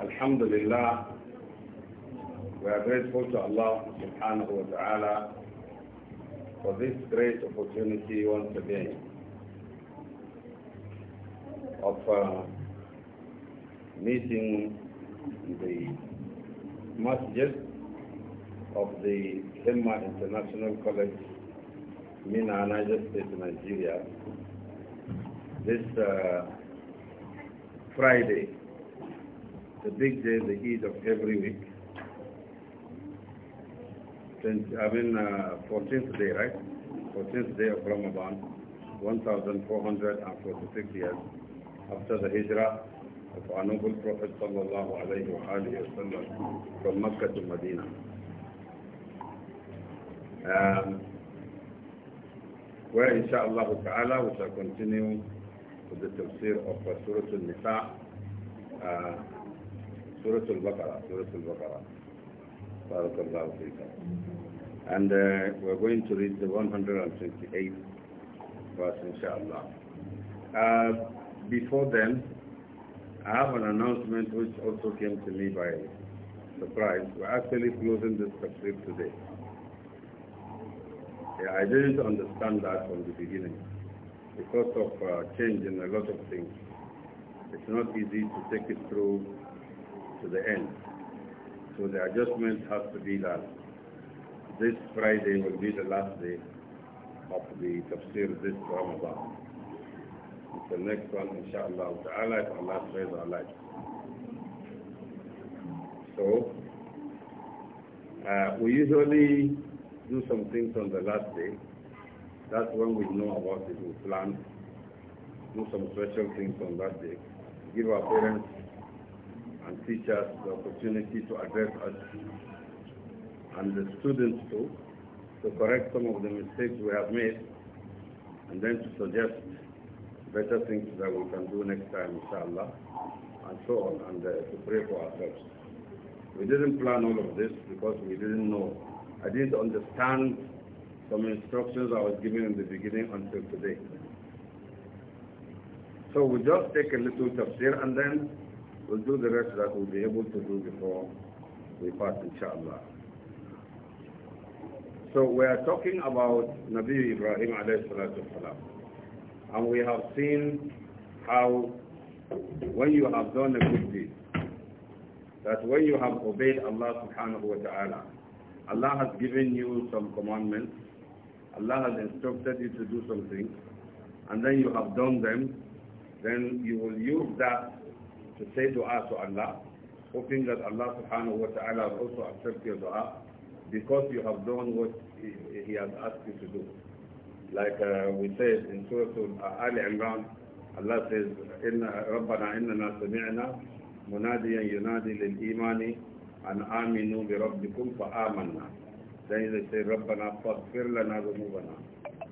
Alhamdulillah, we are grateful to Allah subhanahu wa ta'ala for this great opportunity once again of uh, meeting the masjid of the Himma International College, Mina, Niger State, Nigeria, this uh, Friday, the big day, the Eid of every week. I mean, uh, 14th day, right? 14th day of Ramadan, 1446 years after the Hijrah of our noble Prophet sallallahu alayhi wa alayhi wa sallam, from Mecca to Medina. Um, where inshaAllah ta'ala we shall continue with the tafsir of Surah Al-Nisa. Uh, Surah al Surah Al-Barakallahu And uh, we're going to read the 128th verse, inshallah. Uh, before then, I have an announcement which also came to me by surprise. We're actually closing this tafsir today. Yeah, I didn't understand that from the beginning because of uh, change in a lot of things. It's not easy to take it through to the end. So the adjustment has to be that this Friday will be the last day of the tafsir this Ramadan. The next one, inshallah, ta'ala, if Allah says our So, uh, we usually do some things on the last day. That's when we know about it. We plan, do some special things on that day. Give our parents and teachers the opportunity to address us and the students too to correct some of the mistakes we have made and then to suggest better things that we can do next time, inshallah, and so on, and uh, to pray for ourselves. We didn't plan all of this because we didn't know. I didn't understand some instructions I was given in the beginning until today. So we just take a little tafsir and then We'll do the rest that we'll be able to do before we pass, inshallah. So we are talking about Nabi Ibrahim alayhi salatu salam. And we have seen how when you have done a good deed, that when you have obeyed Allah subhanahu wa ta'ala, Allah has given you some commandments, Allah has instructed you to do something, and then you have done them, then you will use that to say dua to Allah, hoping that Allah subhanahu wa ta'ala will also accept your dua because you have done what He has asked you to do. Like uh, we said in Surah Al Imran, Allah says, رَبَّنَا إِنَّنَا سَمِعْنَا مُنَادِيًا يُنَادِي لِلْإِيمَانِ أَنْ آمِنُوا بِرَبِّكُمْ فَآمَنَّا Then they say, رَبَّنَا فَاغْفِرْ لَنَا ذُنُوبَنَا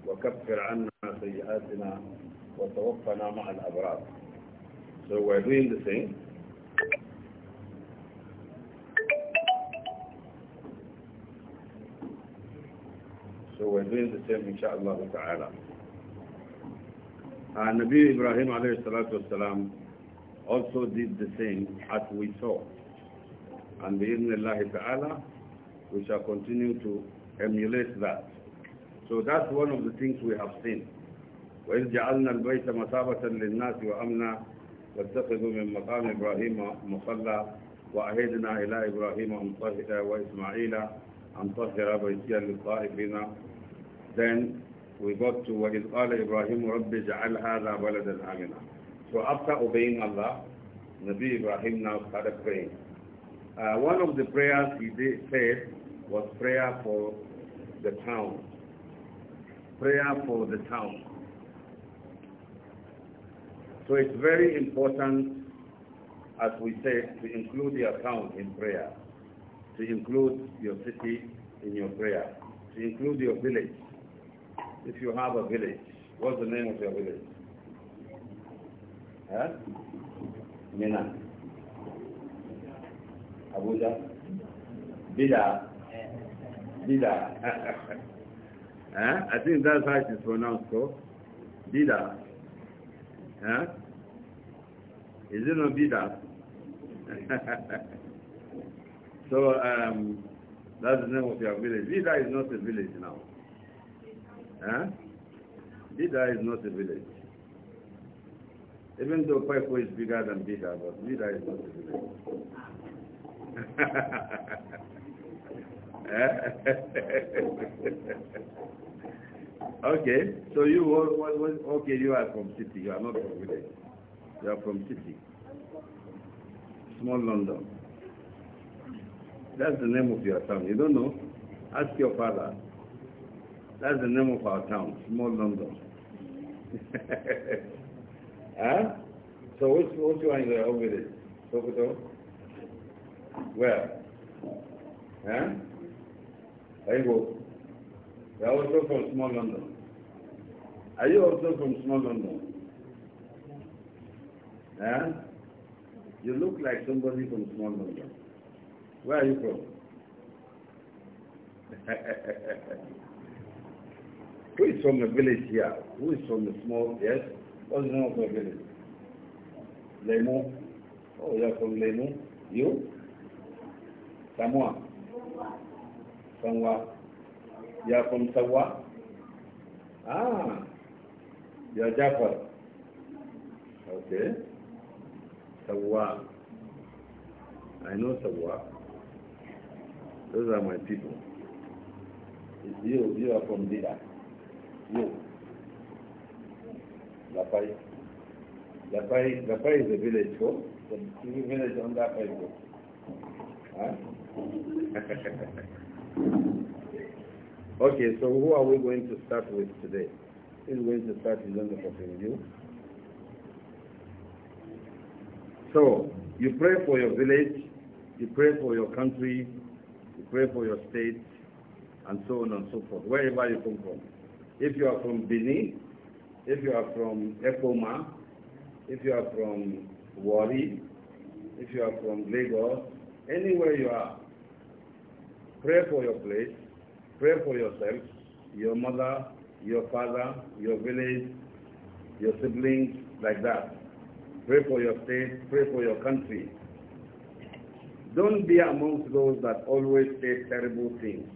وَكَفِّرْ عَنَّا سَيِّئَاتِنَا وَتَوَفَّنَا مَعَ الْأَبْرَارِ so we're doing the same. So we're doing the same, insha'Allah. ta'ala. Uh, Nabi Ibrahim alayhi also did the same as we saw. And bi'idhnillahi ta'ala, we shall continue to emulate that. So that's one of the things we have seen. وَإِذْ جَعَلْنَا الْبَيْتَ مَثَابَةً لِلنَّاسِ وَأَمْنًا واتخذوا من مقام إبراهيم مصلى وأهدنا إلى إبراهيم أن وإسماعيل أن طهر بيتيا للطائفين then we got to وإذ قال إبراهيم رب اجعل هذا بلدا آمنا so after obeying Allah Nabi Ibrahim now started praying uh, one of the prayers he did, said was prayer for the town prayer for the town So it's very important, as we said, to include your town in prayer, to include your city in your prayer, to include your village. If you have a village, what's the name of your village? Huh? Mina. Abuja. Bida. Bida. huh? I think that's how it is pronounced, so. Bida. Huh? Is it not bidah? so um, that's the name of your village. Bidah is not a village now. Huh? Bidah is not a village. Even though Paipo is bigger than Bidah, but Bidah is not a village. Okay, so you what, what, what, okay? You are from city. You are not from village. You are from city, small London. That's the name of your town. You don't know? Ask your father. That's the name of our town, small London. huh? So which which one is your own village? Sokoto. Where? Huh? you go. You are also from small London. Are you also from small London? Huh? You look like somebody from small London. Where are you from? Who is from the village here? Who is from the small, yes? What's the name of your village? Lemo. Oh, you're from Lemo. You? Samoa. Samoa. You are from Fonsawa Ah you are Jafar Okay Sawa I know Sawa Those are my people you, you are from Dida You Lapai Lapai, Lapai is the village for The city village on Lapai Ah. Okay, so who are we going to start with today? Who is going to start with the perfume you? So, you pray for your village, you pray for your country, you pray for your state, and so on and so forth, wherever you come from. If you are from Benin, if you are from Ekoma, if you are from Wari, if you are from Lagos, anywhere you are, pray for your place, Pray for yourself, your mother, your father, your village, your siblings, like that. Pray for your state, pray for your country. Don't be amongst those that always say terrible things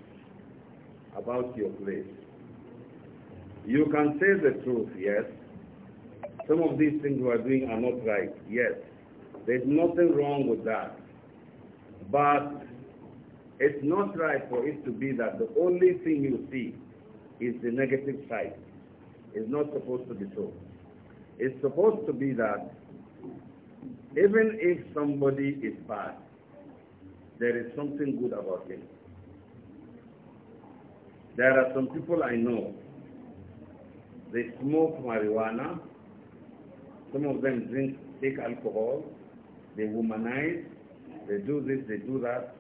about your place. You can say the truth, yes. Some of these things you are doing are not right, yes. There's nothing wrong with that. But it's not right for it to be that the only thing you see is the negative side. It's not supposed to be so. It's supposed to be that even if somebody is bad, there is something good about him. There are some people I know, they smoke marijuana, some of them drink, take alcohol, they womanize, they do this, they do that,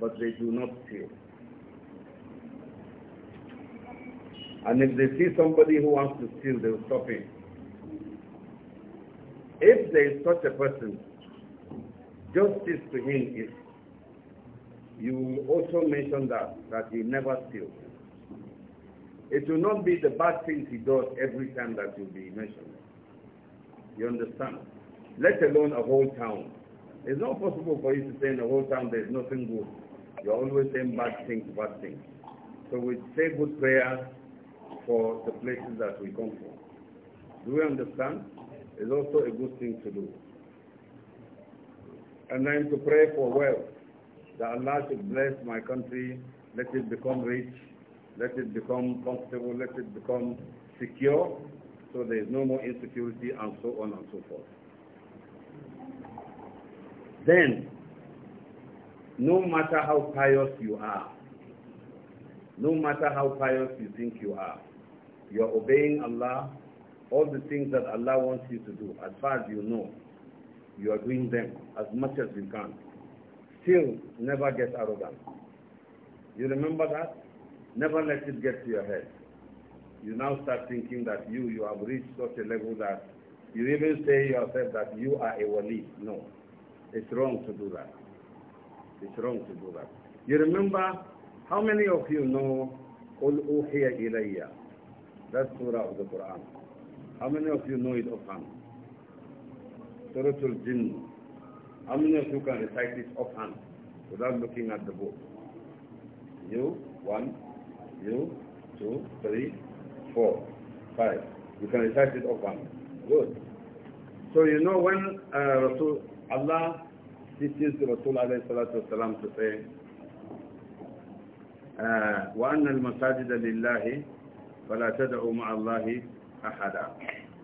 but they do not feel. And if they see somebody who wants to steal, they will stop him. If there is such a person, justice to him is, you also mention that, that he never steals. It will not be the bad things he does every time that will be mentioned. You understand? Let alone a whole town. It's not possible for you to say in a whole town there's nothing good. You're always saying bad things, bad things. So we say good prayer for the places that we come from. Do we understand? It's also a good thing to do. And then to pray for wealth. That Allah should bless my country, let it become rich, let it become comfortable, let it become secure, so there is no more insecurity and so on and so forth. Then, no matter how pious you are, no matter how pious you think you are, you are obeying Allah, all the things that Allah wants you to do, as far as you know, you are doing them as much as you can. Still, never get arrogant. You remember that? Never let it get to your head. You now start thinking that you, you have reached such a level that you even say yourself that you are a wali. No, it's wrong to do that. It's wrong to do that. You remember, how many of you know Al أُوحِيَ إِلَيَّ That's surah of the Quran. How many of you know it offhand? Suratul jinn How many of you can recite it offhand without looking at the book? You, one, you, two, three, four, five. You can recite it offhand. Good. So you know when uh, Rasul, Allah This is عليه الصلاة والسلام wasalam وَأَنَّ الْمَسَاجِدَ لِلَّهِ فَلَا تَدْعُوا مَعَ اللَّهِ أَحَدًا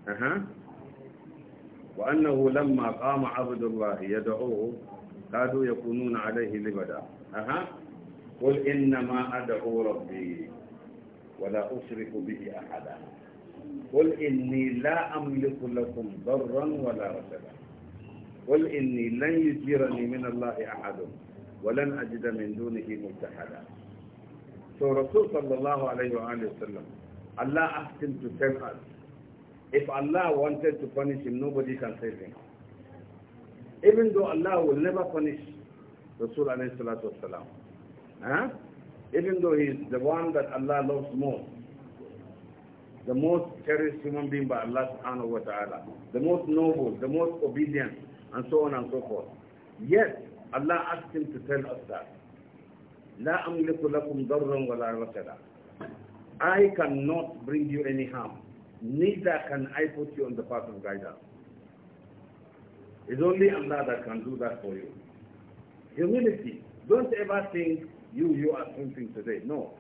أه. وأنه لما قام عبد الله يدعوه كادوا يكونون عليه لبدا أها قل إنما أدعو ربي ولا أشرك به أحدا قل إني لا أملك لكم ضرا ولا رشدا قل إني لن يجيرني من الله أحد ولن أجد من دونه ملتحدا So Rasul sallallahu alayhi wa sallam, Allah asked him to tell us, if Allah wanted to punish him, nobody can save him. Even though Allah will never punish Rasul alayhi salatu wasalam. Huh? Even though he is the one that Allah loves most, the most cherished human being by Allah subhanahu wa ta'ala, the most noble, the most obedient, and so on and so forth. Yet, Allah asked him to tell us that. لا أملك لكم ضرا ولا رشدا. I cannot bring you any harm, neither can I put you on the path of guidance. It's only Allah that can do that for you. Humility. Don't ever think you, you are something today. No.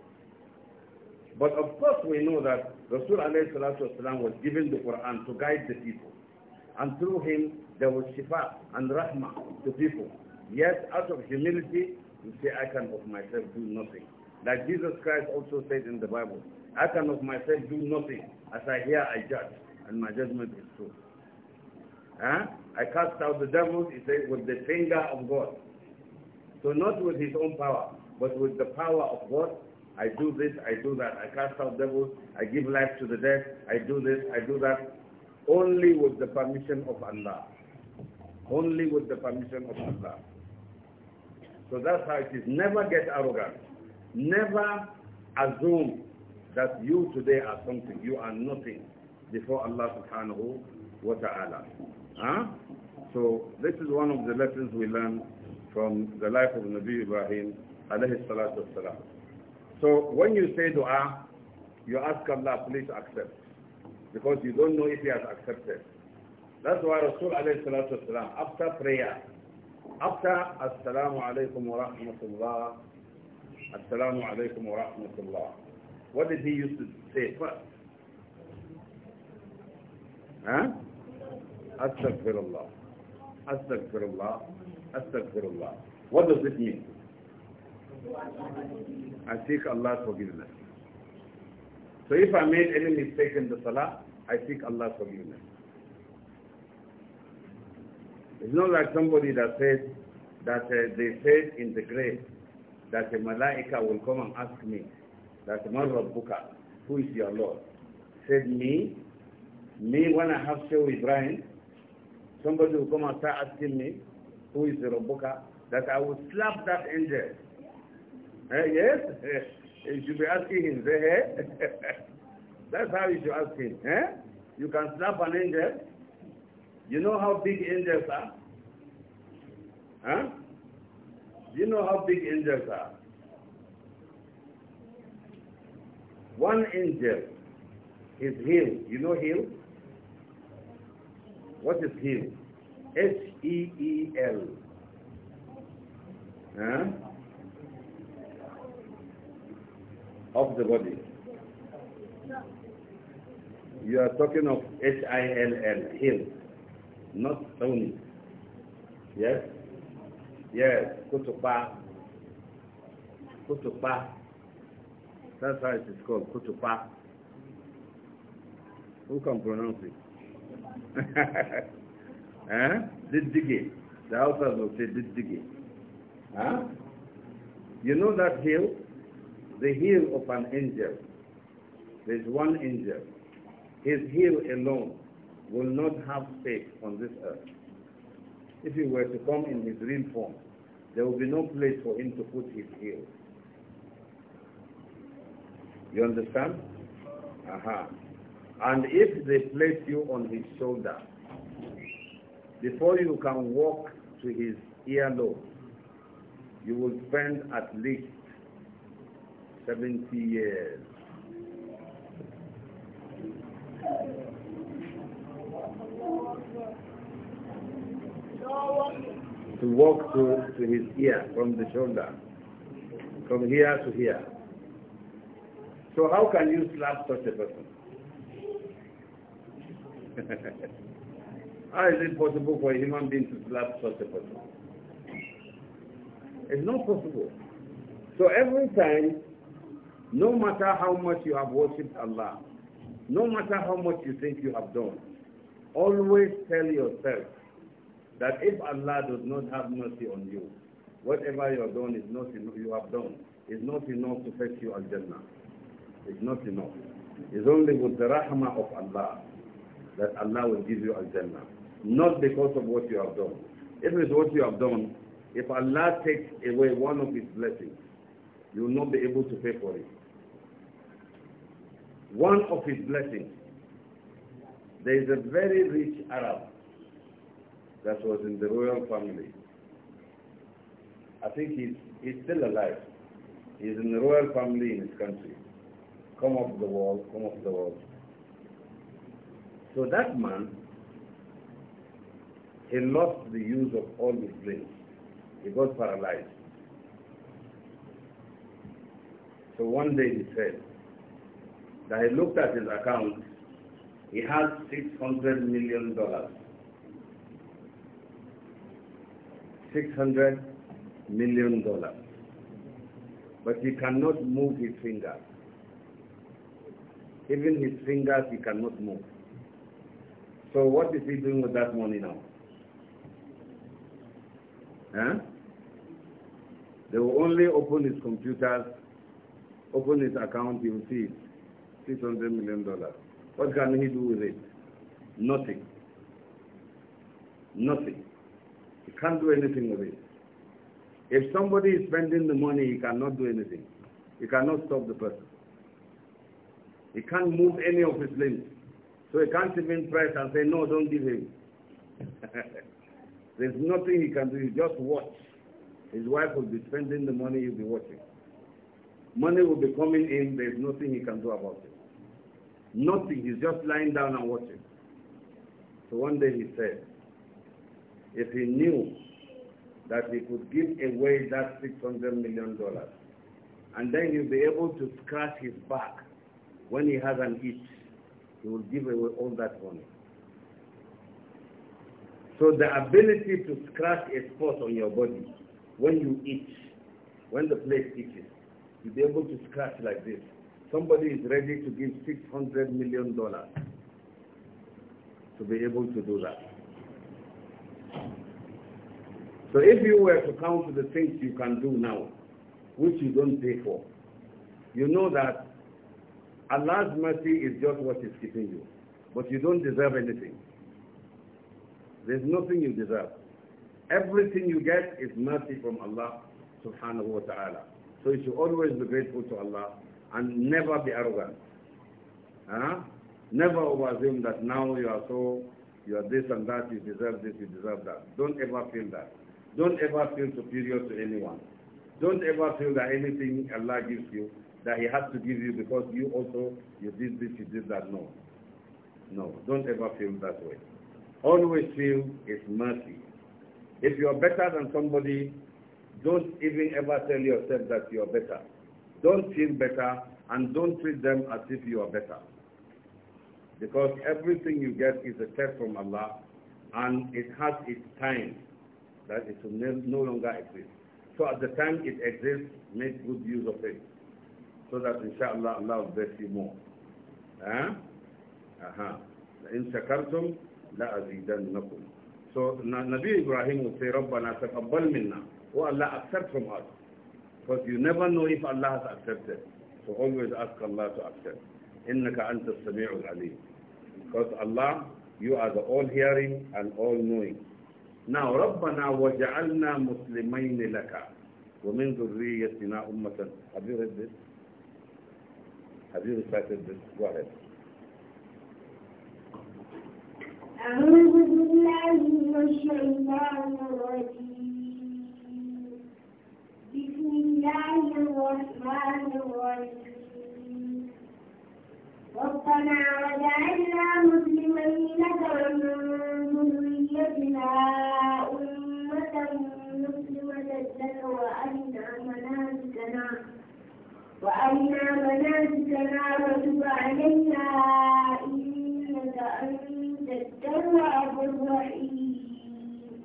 But of course we know that Rasul alayhi salatu was given the Quran to guide the people. And through him, there was shifa and rahmah to people. Yet out of humility, you say, I can of myself do nothing. Like Jesus Christ also said in the Bible, I can of myself do nothing. As I hear, I judge, and my judgment is true. Huh? I cast out the devils, he said, with the finger of God. So not with his own power, but with the power of God, I do this, I do that. I cast out devils, I give life to the dead, I do this, I do that. Only with the permission of Allah only with the permission of Allah. So that's how it is. Never get arrogant. Never assume that you today are something. You are nothing before Allah subhanahu wa ta'ala. Huh? So this is one of the lessons we learn from the life of Nabi Ibrahim alayhi salatu So when you say dua, you ask Allah, please accept. Because you don't know if he has accepted. That's why Rasul alayhi salatu wasalam, after prayer, after Assalamu alaykum wa rahmatullah, Assalamu alaykum wa rahmatullah, what did he used to say first? Huh? Astaghfirullah. Astaghfirullah. Astaghfirullah. What does it mean? I seek Allah's forgiveness. So if I made any mistake in the salah, I seek Allah's forgiveness. It's not like somebody that says that uh, they said in the grave that a malaika will come and ask me that man Rabbuka, who is your Lord? Said me, me when I have with Ibrahim, somebody will come and start asking me, who is the Rabbuka, that I will slap that angel. Eh, yes? you should be asking him, say, hey? That's how you should ask him. Eh? You can slap an angel you know how big angels are? Huh? you know how big angels are? One angel, his heel, you know heel? What is heel? H-E-E-L. Huh? Of the body. You are talking of H-I-L-L, heel not only. Yes? Yes, kutupa. Kutupa. That's how it is called, kutupa. Who can pronounce it? eh? Diddige. The Hausas will say Diddige. Huh? You know that hill? The heel of an angel. There's one angel. His heel alone will not have faith on this earth. If he were to come in his real form, there will be no place for him to put his heel. You understand? Aha. And if they place you on his shoulder, before you can walk to his earlobe, you will spend at least 70 years. to walk to, to his ear from the shoulder, from here to here. So how can you slap such a person? how is it possible for a human being to slap such a person? It's not possible. So every time, no matter how much you have worshipped Allah, no matter how much you think you have done, always tell yourself that if Allah does not have mercy on you, whatever you have done is not enough, you have done is not enough to fetch you al-Jannah. It's not enough. It's only with the rahmah of Allah that Allah will give you al-Jannah. Not because of what you have done. If it's what you have done, if Allah takes away one of his blessings, you will not be able to pay for it. One of his blessings. There is a very rich Arab that was in the royal family. I think he's, he's still alive. He's in the royal family in his country. Come off the wall, come off the wall. So that man, he lost the use of all his limbs. He got paralyzed. So one day he said that he looked at his account. He had $600 million $600 million. But he cannot move his fingers. Even his fingers he cannot move. So what is he doing with that money now? Huh? They will only open his computers, open his account, you will see it. $600 million. What can he do with it? Nothing. Nothing can't do anything with it. If somebody is spending the money, he cannot do anything. He cannot stop the person. He can't move any of his limbs. So he can't even press and say, no, don't give him. There's nothing he can do. He just watch. His wife will be spending the money, he'll be watching. Money will be coming in, there's nothing he can do about it. Nothing. He's just lying down and watching. So one day he said, if he knew that he could give away that $600 million. And then he'll be able to scratch his back when he has an itch. He will give away all that money. So the ability to scratch a spot on your body when you itch, when the place itches, you'll be able to scratch like this. Somebody is ready to give $600 million to be able to do that. So if you were to count the things you can do now, which you don't pay for, you know that Allah's mercy is just what is keeping you. But you don't deserve anything. There's nothing you deserve. Everything you get is mercy from Allah subhanahu wa ta'ala. So you should always be grateful to Allah and never be arrogant. Huh? Never assume that now you are so you are this and that, you deserve this, you deserve that. Don't ever feel that. Don't ever feel superior to anyone. Don't ever feel that anything Allah gives you, that He has to give you because you also, you did this, you did that. No. No. Don't ever feel that way. Always feel His mercy. If you are better than somebody, don't even ever tell yourself that you are better. Don't feel better and don't treat them as if you are better. Because everything you get is a test from Allah and it has its time that it will no longer exist. So at the time it exists, make good use of it. So that inshallah Allah will bless you more. Huh? Uh-huh. la شكرتم So Nabi Ibrahim would say, ربنا تقبل منا. Oh Allah, accept from us. Because you never know if Allah has accepted. So always ask Allah to accept. إنك أنت السميع العليم. Because Allah, you are the all-hearing and all-knowing. Now, رَبَّنَا وَجَعَلْنَا مُسْلِمَيْنِ لَكَ وَمِنْ ذُرِّيَّتِنَا أُمَّةً Have you read this? Have you recited this? Go ahead. أعوذ بالله من الشيطان الرجيم بسم الله الرحمن الرحيم ربنا وجعلنا مسلمين ومن ذريتنا أمة مسلمة لك وأرنا مناسكنا وأرنا مناسكنا وتب علينا إنك أنت التواب الرحيم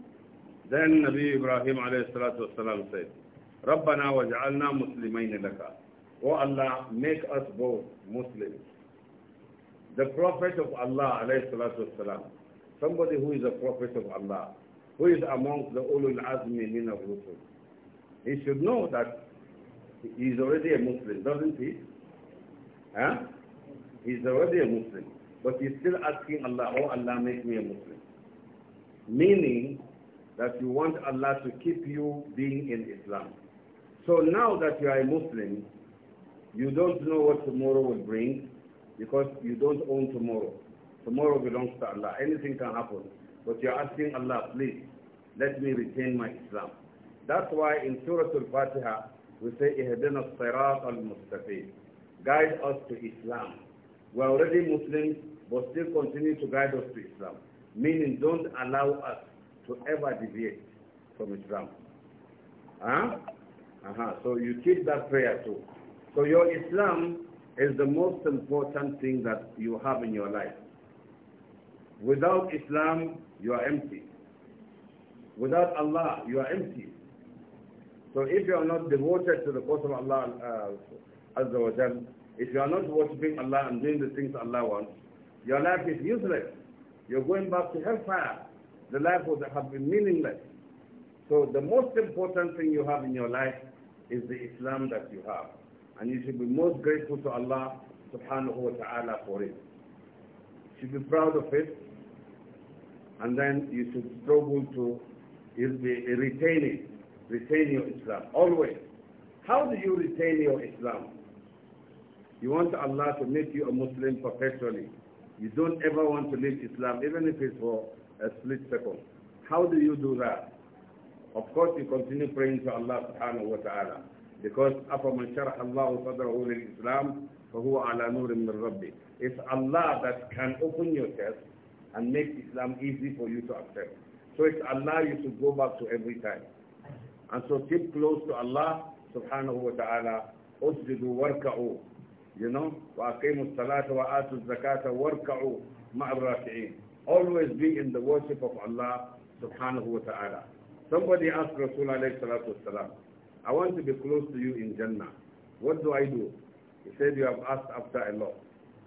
ده النبي إبراهيم عليه الصلاة والسلام said ربنا وجعلنا مسلمين لك Oh Allah, make us both Muslims The Prophet of Allah, والسلام, somebody who is a Prophet of Allah, who is amongst the Ulul Azmi min of Rusul, he should know that he is already a Muslim, doesn't he? Huh? He's already a Muslim, but he's still asking Allah, oh Allah, make me a Muslim. Meaning that you want Allah to keep you being in Islam. So now that you are a Muslim, you don't know what tomorrow will bring, because you don't own tomorrow. Tomorrow belongs to Allah. Anything can happen. But you're asking Allah, please, let me retain my Islam. That's why in Surah Al-Fatiha, we say, Ihdina al-Sirat Guide us to Islam. We're already Muslims, but still continue to guide us to Islam. Meaning, don't allow us to ever deviate from Islam. Huh? Uh-huh. So you keep that prayer too. So your Islam is the most important thing that you have in your life. Without Islam, you are empty. Without Allah, you are empty. So if you are not devoted to the cause of Allah uh, if you are not worshipping Allah and doing the things Allah wants, your life is useless. You're going back to hellfire. The life would have been meaningless. So the most important thing you have in your life is the Islam that you have. And you should be most grateful to Allah subhanahu wa ta'ala for it. You should be proud of it. And then you should struggle to retain it. Retain your Islam. Always. How do you retain your Islam? You want Allah to make you a Muslim perpetually. You don't ever want to leave Islam, even if it's for a split second. How do you do that? Of course, you continue praying to Allah subhanahu wa ta'ala because أَفَمَنْ شَرَحَ اللَّهُ صَدْرَهُ لِلْإِسْلَامِ فَهُوَ عَلَى نُورٍ مِّن رَبِّهِ It's Allah that can open your chest and make Islam easy for you to accept. So it's Allah you should go back to every time. And so keep close to Allah subhanahu wa ta'ala. أُسْجُدُ واركعوا you know واقيموا الصَّلَاةِ واتوا الزَّكَاةَ واركعوا مع الراكعين always be in the worship of Allah subhanahu wa ta'ala somebody asked Rasul alayhi salatu wasalam I want to be close to you in Jannah. What do I do? He said, you have asked after a lot.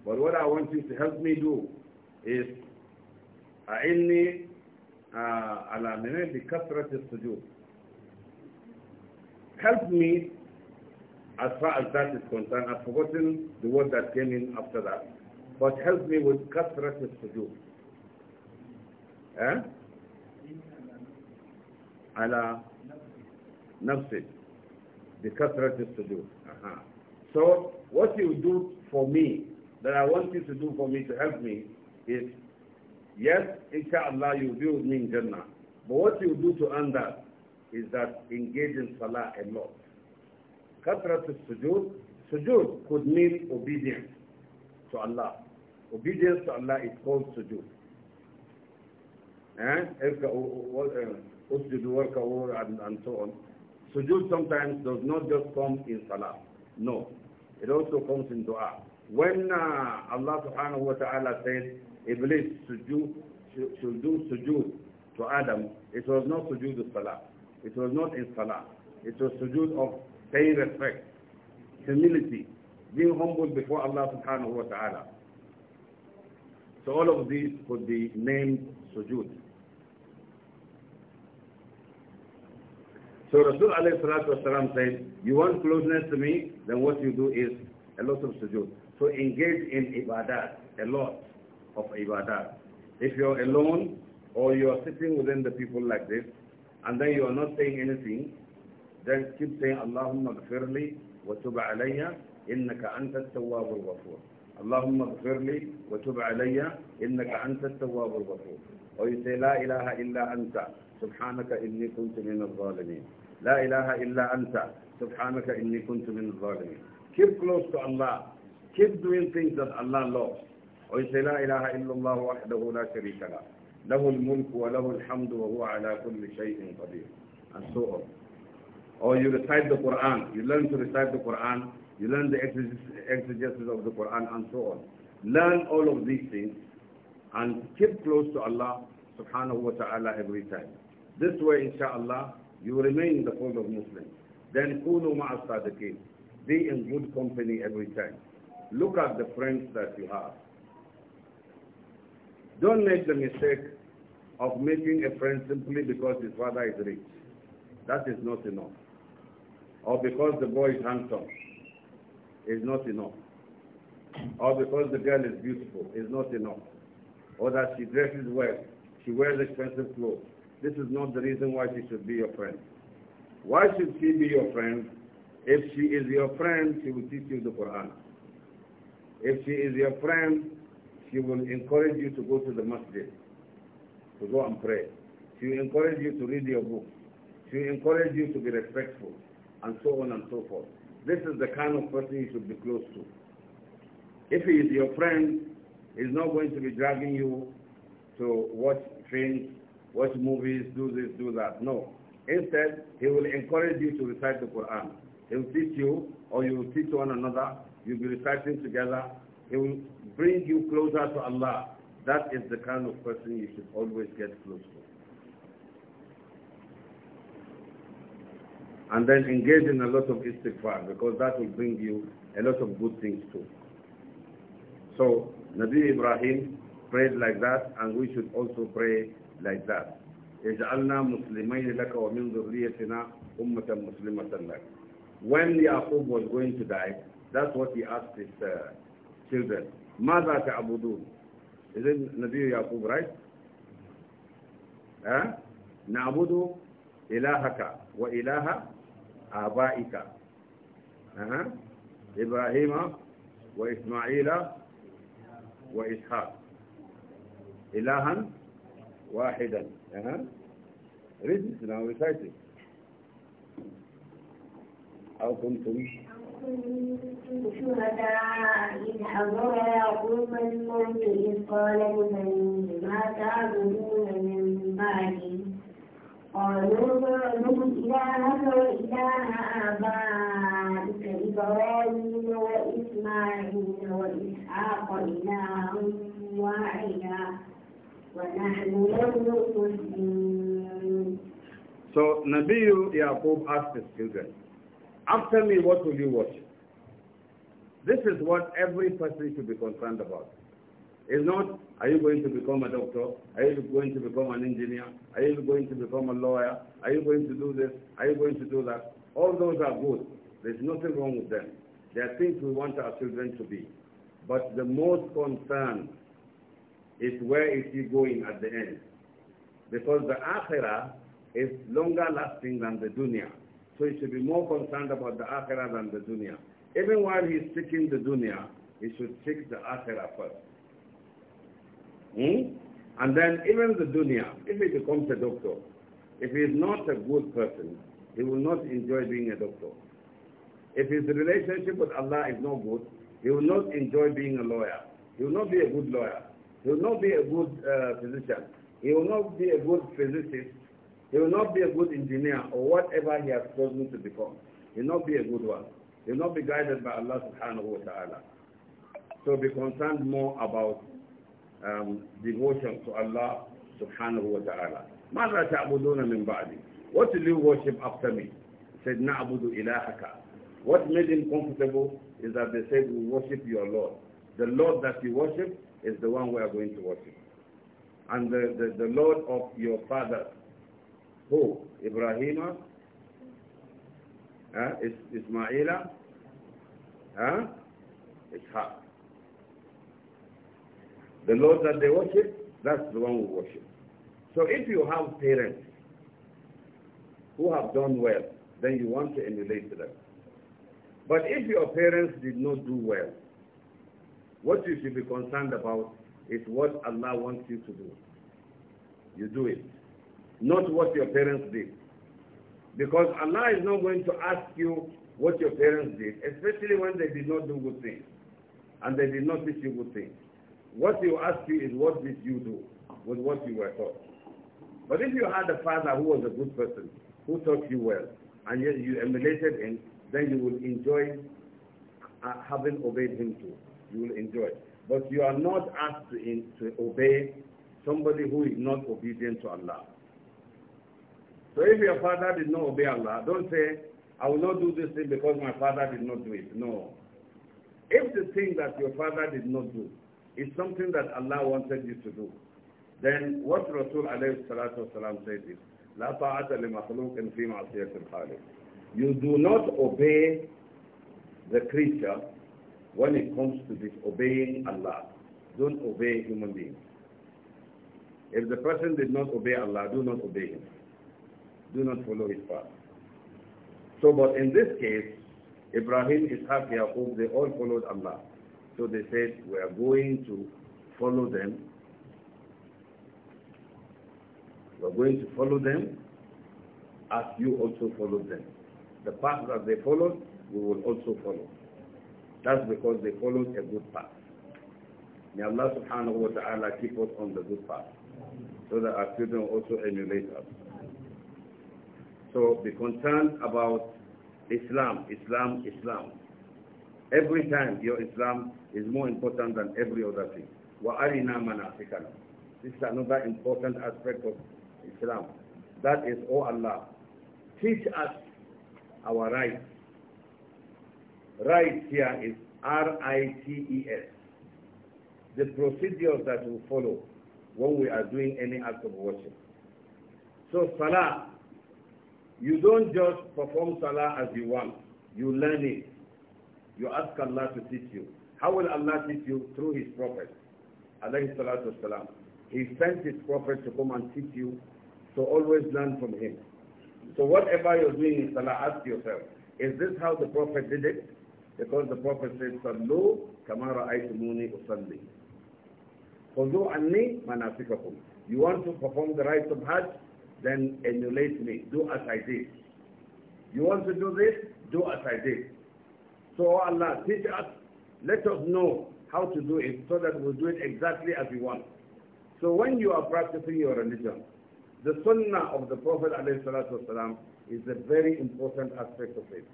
But what I want you to help me do is, أعني على من بكثرة السجود. Help me as far as that is concerned. I've forgotten the word that came in after that. But help me with kathrat al-sujud. Eh? Ala nafsi is to uh So what you do for me, that I want you to do for me to help me, is yes, inshallah you will with me in Jannah. But what you do to earn that is that engage in salah a lot. Kathrat sujood, sujood could mean obedience to Allah. Obedience to Allah is called sujood. Eh? Uh, uh, uh, and, and so on. Sujood sometimes does not just come in salah. No. It also comes in dua. When uh, Allah subhanahu wa ta'ala said, Iblis sujood, should do sujood to Adam, it was not sujood of salah. It was not in salah. It was sujood of paying respect, humility, being humble before Allah subhanahu wa ta'ala. So all of these could be named sujood. So Rasul والسلام, said, you want closeness to me, then what you do is a lot of sujood. So engage in ibadat, a lot of ibadat. If you're alone or you're sitting within the people like this, and then you are not saying anything, then keep saying, Allahumma gfirli wa tub alayya innaka anta tawwabul ghafoor. Allahumma gfirli wa tub alayya innaka anta al ghafoor. Or you say, La ilaha illa anta, subhanaka inni kuntu min al-zalimin. لا إله إلا أنت سبحانك إني كنت من zalimin. Keep close to Allah. Keep doing things that Allah loves. Or you إله إلا الله وحده لا شريك له. له الملك وله الحمد وهو على كل شيء قدير. huwa ala And so on. Or you recite the Quran. You learn to recite the Quran. You learn the exegesis of the Quran and so on. Learn all of these things and keep close to Allah subhanahu wa ta'ala every time. This way, inshallah, you remain in the fold of Muslims. Then kunu ma'as-sadiqeen. Be in good company every time. Look at the friends that you have. Don't make the mistake of making a friend simply because his father is rich. That is not enough. Or because the boy is handsome is not enough. Or because the girl is beautiful is not enough. Or that she dresses well, she wears expensive clothes this is not the reason why she should be your friend. Why should she be your friend? If she is your friend, she will teach you the Quran. If she is your friend, she will encourage you to go to the masjid, to go and pray. She will encourage you to read your book. She will encourage you to be respectful, and so on and so forth. This is the kind of person you should be close to. If he is your friend, he's not going to be dragging you to watch things watch movies, do this, do that. No. Instead, he will encourage you to recite the Quran. He will teach you, or you will teach one another. You'll be reciting together. He will bring you closer to Allah. That is the kind of person you should always get close to. And then engage in a lot of istighfar because that will bring you a lot of good things too. So Nabi Ibrahim prayed like that and we should also pray like that اجعلنا مسلمين لك ومن ذريتنا أمة مسلمة لك when Yaqub was going to die that's what he asked his uh, children ماذا تعبدون is it نبي يعقوب right ها نعبد إلهك وإله آبائك أه. إبراهيم وإسماعيل وإسحاق إلها واحدا أه. read this now recite it أو كنتم شهداء إذ حضر يعقوب الموت إذ قال لبنيه ما تعبدون من بعدي قالوا بعدهم إلهك وإله آبائك إبراهيم وإسماعيل وإسحاق إلها واحدا so Nabiyu Yaqub asked his children, after me what will you worship? This is what every person should be concerned about. It's not, are you going to become a doctor? Are you going to become an engineer? Are you going to become a lawyer? Are you going to do this? Are you going to do that? All those are good. There's nothing wrong with them. They are things we want our children to be. But the most concern is where is he going at the end? Because the akhirah is longer lasting than the dunya. So he should be more concerned about the akhirah than the dunya. Even while he's seeking the dunya, he should seek the akhirah first. Hmm? And then even the dunya, if he becomes a doctor, if he is not a good person, he will not enjoy being a doctor. If his relationship with Allah is not good, he will not enjoy being a lawyer. He will not be a good lawyer. He will not be a good uh, physician. He will not be a good physicist. He will not be a good engineer or whatever he has chosen to become. He will not be a good one. He will not be guided by Allah subhanahu wa ta'ala. So be concerned more about um, devotion to Allah subhanahu wa ta'ala. ماذا تعبدون من بعدي? What do you worship after me? said, نعبد إلهك. What made him comfortable is that they said, we worship your Lord. The Lord that you worship is the one we are going to worship. And the, the, the Lord of your father, who? Ibrahim, uh, is Ismaila, uh, Ishaq. The Lord that they worship, that's the one we worship. So if you have parents who have done well, then you want to emulate them. But if your parents did not do well, what you should be concerned about is what Allah wants you to do. You do it. Not what your parents did. Because Allah is not going to ask you what your parents did, especially when they did not do good things. And they did not teach you good things. What he will ask you is what did you do with what you were taught. But if you had a father who was a good person, who taught you well, and yet you emulated him, then you will enjoy uh, having obeyed him too you will enjoy. But you are not asked to, in, to obey somebody who is not obedient to Allah. So if your father did not obey Allah, don't say, I will not do this thing because my father did not do it. No. If the thing that your father did not do is something that Allah wanted you to do, then what Rasul alayhi salatu wasalam said is, لا طاعة لمخلوق ma معصية You do not obey the creature when it comes to disobeying Allah. Don't obey human beings. If the person did not obey Allah, do not obey him. Do not follow his path. So, but in this case, Ibrahim, Ishaq, Yaqub, they all followed Allah. So they said, we are going to follow them. We are going to follow them as you also followed them. The path that they followed, we will also follow. That's because they followed a good path. May Allah subhanahu wa ta'ala keep us on the good path so that our children also emulate us. So be concerned about Islam, Islam, Islam. Every time your Islam is more important than every other thing. وَأَرِنَا مَنَاسِكَنَا This is another important aspect of Islam. That is, O oh Allah, teach us our rights Right here is R-I-T-E-S. The procedures that we follow when we are doing any act of worship. So salah, you don't just perform salah as you want. You learn it. You ask Allah to teach you. How will Allah teach you? Through His Prophet. Alayhi salatu He sent His Prophet to come and teach you. So always learn from Him. So whatever you're doing in salah, ask yourself, is this how the Prophet did it? Because the Prophet says, Sallu kamara aitumuni usalli. Khudu anni manasikakum. You want to perform the rites of Hajj? Then emulate me. Do as I did. You want to do this? Do as I did. So Allah, teach us. Let us know how to do it so that we'll do it exactly as He want. So when you are practicing your religion, the sunnah of the Prophet ﷺ is a very important aspect of it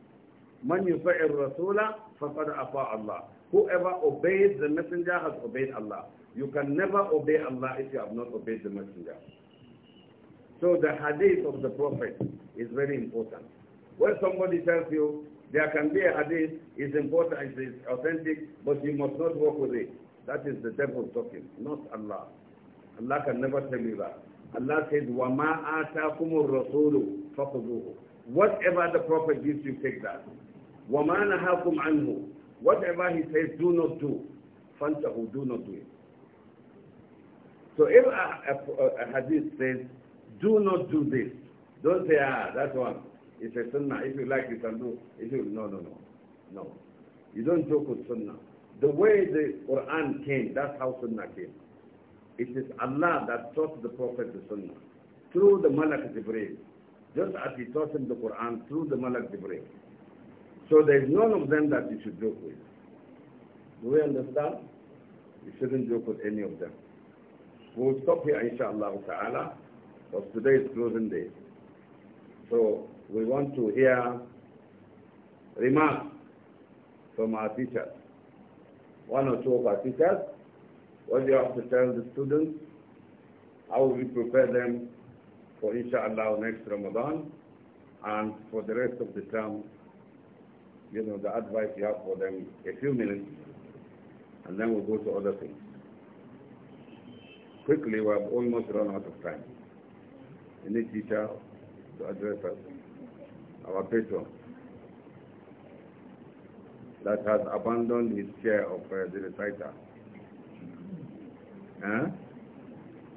man yuti'ir rasula faqad afa Allah whoever obeys the messenger has obeyed Allah you can never obey Allah if you have not obeyed the messenger so the hadith of the prophet is very important when somebody tells you there can be a hadith it's important it is authentic but you must not work with it that is the devil talking not Allah Allah can never tell you that Allah says, وَمَا آتَاكُمُ الرَّسُولُ فَخُذُوهُ Whatever the Prophet gives you, take that. وَمَا نَهَاكُمْ عَنْهُ Whatever he says, do not do. فَانْتَهُ Do not do it. So if a, a, a, hadith says, do not do this, don't say, ah, that's one. It's a sunnah. If you like, you can do. If you, no, no, no. No. You don't joke with sunnah. The way the Quran came, that's how sunnah came. It is Allah that taught the Prophet the sunnah through the Malak Jibreel just as he taught him the Quran through the Malak Jibreel. So there is none of them that you should joke with. Do we understand? You shouldn't joke with any of them. We'll stop here, inshallah ta'ala, because today is closing day. So we want to hear remarks from our teachers. One or two of our teachers, what do you have to tell the students? How will we prepare them for inshallah next Ramadan and for the rest of the term, you know, the advice you have for them, a few minutes, and then we'll go to other things. Quickly, we have almost run out of time. Any teacher to address us, our patron, that has abandoned his chair of uh, the reciter. Huh?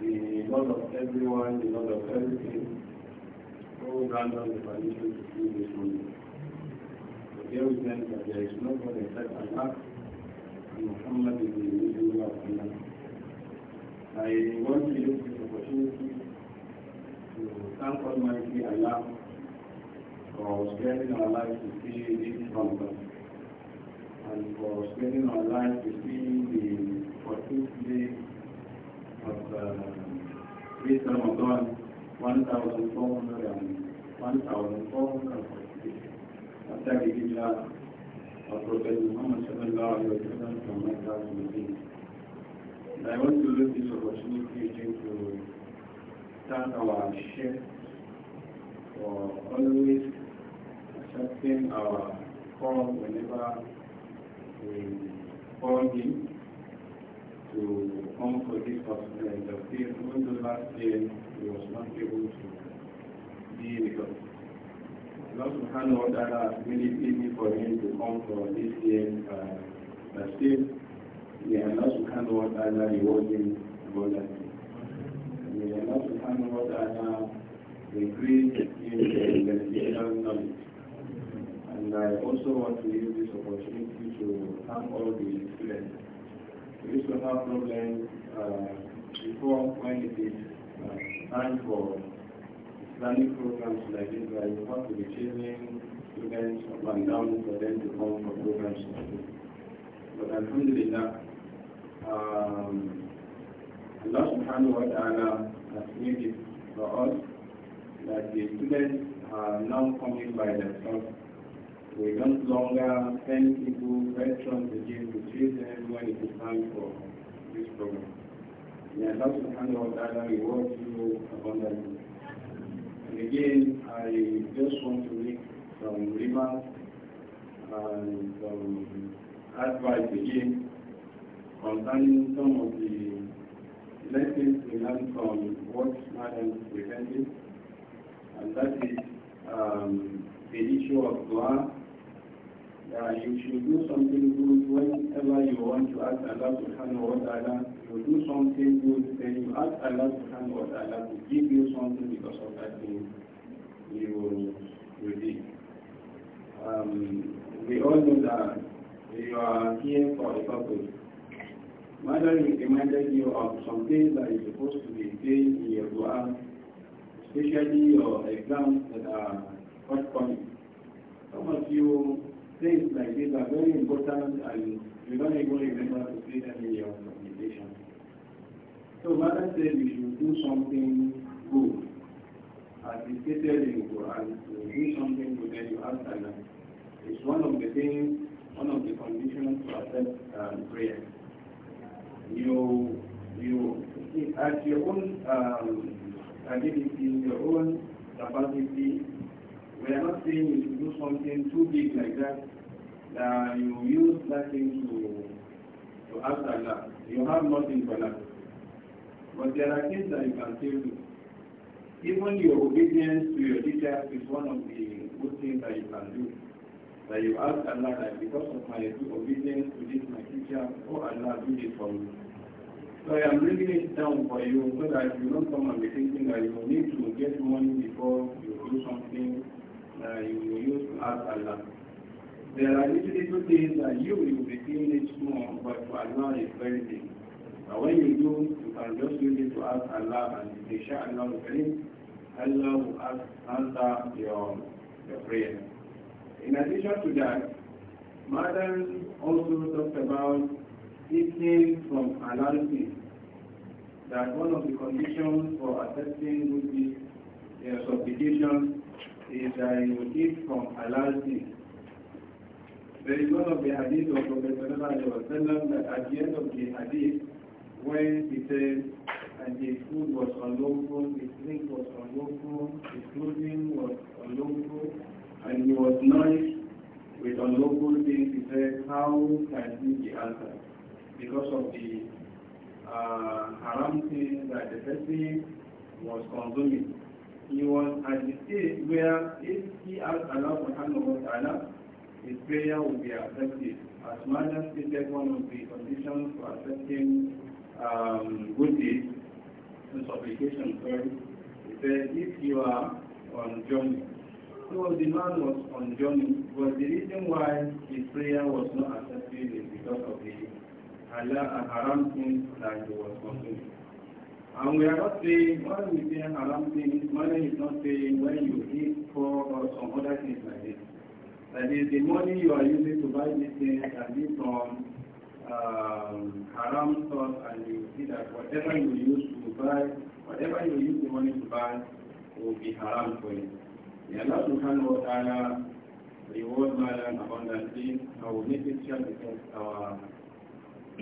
the Lord of everyone, the Lord of everything, who grant us the permission to do this morning. The day we learn that there is no God except Allah, and Muhammad is the messenger of Allah. I want to use this opportunity to thank Almighty Allah for sparing our lives to see this conference and for spending our lives to see the 14th day of uh, this uh, Ramadan, 1,400 and 1,446. After of Prophet from I want to use this opportunity to thank our Sheikh for always accepting our call whenever we call him to come for this particular interview, even though last year he was not able to be because Allah subhanahu wa ta'ala made it easy for him to come for this year's uh, Tafsir. May Allah subhanahu wa ta'ala reward him abundantly. May Allah subhanahu wa ta'ala increase in the investigational knowledge. And I also want to use this opportunity to thank all the students we used to have problems uh, before when it is uh, time for planning programs like this, where you have to be chasing students or and down for them to come for programs like this. But Alhamdulillah, um, Allah subhanahu wa ta'ala has made it for us that the students are now coming by themselves we no longer send people, veterans again, we treat them when it is time for this program. May Allah subhanahu that ta'ala reward you abundantly. And again, I just want to make some remarks and some advice again concerning some of the lessons we learned from what Madam presented, and that is um, the issue of glass uh, you should do something good whenever you want to ask Allah subhanahu wa ta'ala. You do something good, then you ask Allah subhanahu wa ta'ala to give you something because of that thing you, you did. Um, we all know that you are here for a purpose. Mother reminded you of something that is supposed to be paid in your dua, especially your exams that are forthcoming. Some of you things like these are very important and you don't even remember to say them in your communication. So Mother said we should do something good. As is stated in Quran, to do something good then you ask Allah. It's one of the things, one of the conditions to accept um, prayer. You, you, at your own um, ability, your own capacity, we are not saying you should do something too big like that. Uh, you use that thing to, to ask Allah. You have nothing for that. But there are things that you can still do. Even your obedience to your teacher is one of the good things that you can do. That you ask Allah that because of my obedience to this my teacher, oh Allah, do this for me. So I am bringing it down for you so that you don't come and be thinking that you need to get money before you do something uh, you use to ask Allah. There are little, little things that you will be doing it small, but for Allah is very big. But when you do, you can just use it to ask Allah, and inshallah, Allah will ask, answer your, your prayer. In addition to that, Madam also talked about seeking from analysis that one of the conditions for accepting would be uh, supplication is that you eat from halal things. There is one of the hadith of Prophet Sallallahu that at the end of the hadith, when he says, and his food was unlawful, his drink was unlawful, his clothing was unlawful, and he was nourished with unlawful things, he said, how can he be answered? Because of the uh, haram things that the person was consuming he was at the stage where if he asked Allah subhanahu wa ta'ala, his prayer would be accepted. As Mana stated, one of the conditions for accepting um, good deeds, and supplication, sorry, he said, if you are on journey. So the man was on journey, but the reason why his prayer was not accepted is because of the Allah haram things that he was consuming. And we are not saying when we say haram things, money is not saying when you eat pork or some other things like this. That is the money you are using to buy these things and this from um, haram stuff and you see that whatever you use to buy, whatever you use the money to buy will be haram for you. May Allah subhanahu wa ta'ala reward Malan abundantly. I will make it share because our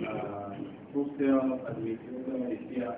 uh, food sales administrator is here.